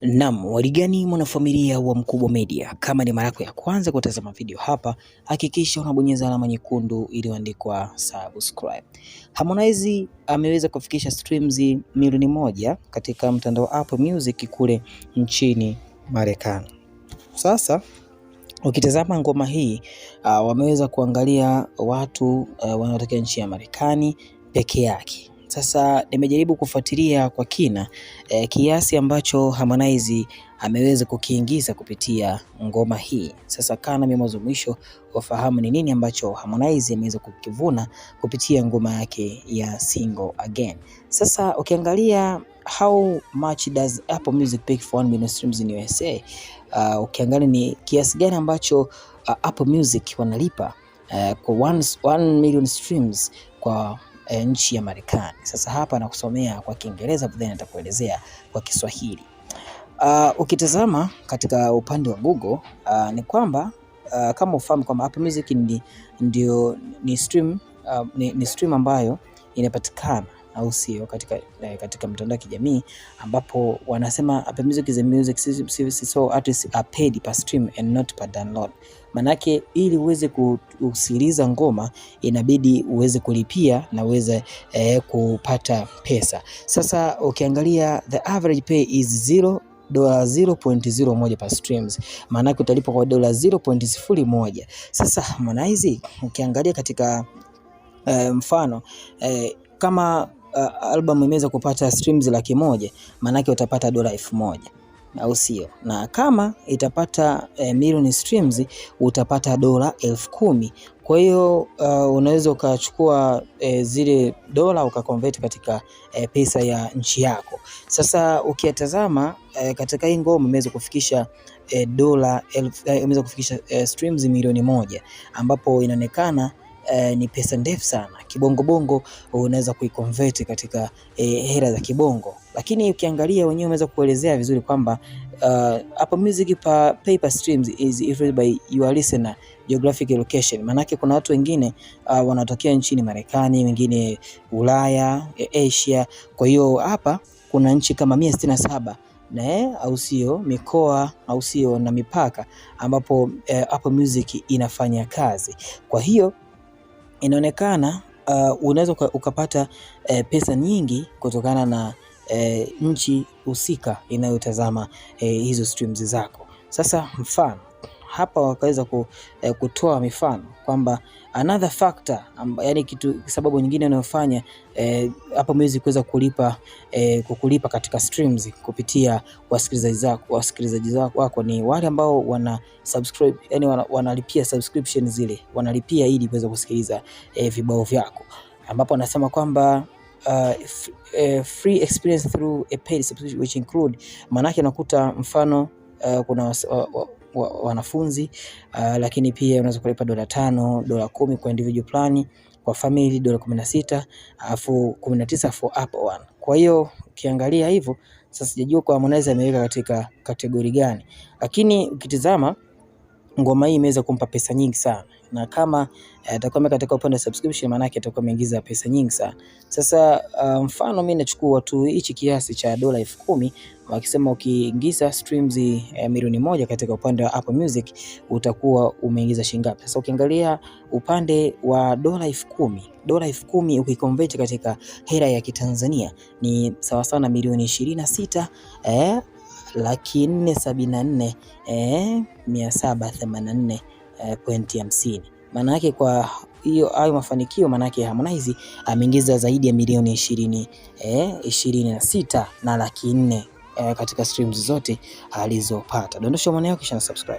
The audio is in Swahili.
Naam, waligani mwanafamilia wa Mkubwa Media, kama ni mara yako ya kwanza kutazama video hapa, hakikisha unabonyeza alama nyekundu iliyoandikwa subscribe. Harmonize ameweza kufikisha streams milioni moja katika mtandao wa Apple Music kule nchini Marekani. Sasa ukitazama ngoma hii uh, wameweza kuangalia watu uh, wanaotokea nchi ya Marekani peke yake sasa nimejaribu kufuatilia kwa kina e, kiasi ambacho Harmonize ameweza kukiingiza kupitia ngoma hii. Sasa kaa nami mwanzo mwisho wafahamu ni nini ambacho Harmonize ameweza kukivuna kupitia ngoma yake ya Single Again. Sasa ukiangalia how much does Apple Music pay for 1 million streams in USA, uh, ukiangalia ni kiasi gani ambacho uh, Apple Music wanalipa uh, kwa 1 million streams kwa e, nchi ya Marekani. Sasa hapa nakusomea kwa Kiingereza, then nitakuelezea kwa Kiswahili. Uh, ukitazama katika upande wa Google uh, ni kwamba uh, kama ufahamu kwamba Apple Music ndio ni stream, uh, ni, ni stream ambayo inapatikana au sio, katika, eh, katika mtandao wa kijamii ambapo wanasema Apple Music is a music service so artists are paid per stream and not per download. Manake ili uweze kusikiliza ngoma inabidi uweze kulipia na uweze eh, kupata pesa. Sasa ukiangalia the average pay is zero dola 0.01 per streams, maana yake utalipa kwa dola 0.01. Sasa Harmonize ukiangalia katika eh, mfano eh, kama uh, album imeweza kupata streams laki moja, maanake utapata dola elfu moja au sio? Na kama itapata eh, milioni streams utapata dola elfu kumi. Kwa hiyo uh, unaweza ukachukua eh, zile dola ukakonvert katika eh, pesa ya nchi yako. Sasa ukiyatazama eh, katika hii ngoma imeweza kufikisha eh, dola elfu, eh, kufikisha eh, streams milioni moja ambapo inaonekana eh, ni pesa ndefu sana. Kibongobongo unaweza kuikonvert katika eh, hela za kibongo, lakini ukiangalia wenyewe umeweza kuelezea vizuri kwamba uh, uh, music pa paper streams is influenced by your listener geographic location. Maanake kuna watu wengine uh, wanatokea nchini Marekani, wengine Ulaya, Asia. Kwa hiyo hapa kuna nchi kama mia sitini na saba na eh, au sio, mikoa au sio, na mipaka ambapo Apple Music inafanya kazi. Kwa hiyo inaonekana uh, unaweza ukapata uh, pesa nyingi kutokana na uh, nchi husika inayotazama uh, hizo streams zako. Sasa mfano hapa wakaweza eh, kutoa mifano kwamba another factor, yani kitu sababu nyingine inayofanya eh, hapa mwezi kuweza kulipa eh, kukulipa katika streams kupitia wasikilizaji zako wasikilizaji wako ni wale ambao wana subscribe, yani wana, wanalipia subscription zile wanalipia ili kuweza kusikiliza eh, vibao vyako, ambapo anasema kwamba Uh, uh, free experience through a paid subscription which include, maanake nakuta mfano uh, kuna uh, wanafunzi uh, lakini pia unaweza kulipa dola tano, dola kumi kwa individual plan, kwa family dola kumi na sita alafu kumi na tisa for up one. Kwa hiyo ukiangalia hivyo sasa, sijajua kwa Harmonize ameweka katika kategori gani, lakini ukitizama ngoma hii imeweza kumpa pesa nyingi sana na kama atakuwa eh, katika upande wa subscription, maana yake atakuwa ameingiza pesa nyingi sana. Sasa uh, mfano um, mimi nachukua tu hichi kiasi cha dola elfu kumi wakisema ukiingiza streams eh, milioni moja katika upande wa Apple Music utakuwa umeingiza shilingi ngapi? Sasa ukiangalia upande wa dola elfu kumi dola elfu kumi ukikonvert katika hela ya Kitanzania ni sawa na milioni ishirini na sita eh, laki nne sabini na nne eh, mia saba themanini na nne eh, pointi hamsini. Maana yake kwa hiyo hayo mafanikio, maana yake Harmonize ameingiza zaidi ya milioni ishirini eh, ishirini na sita na laki nne eh, katika streams zote alizopata. Dondosha maoni yako kisha na subscribe.